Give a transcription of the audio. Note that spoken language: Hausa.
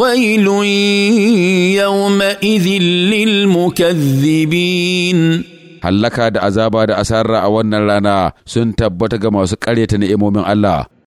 ويل يومئذ للمكذبين hallaka da azaba da asara a wannan rana sun tabbata ga masu ƙaryata ni'imomin Allah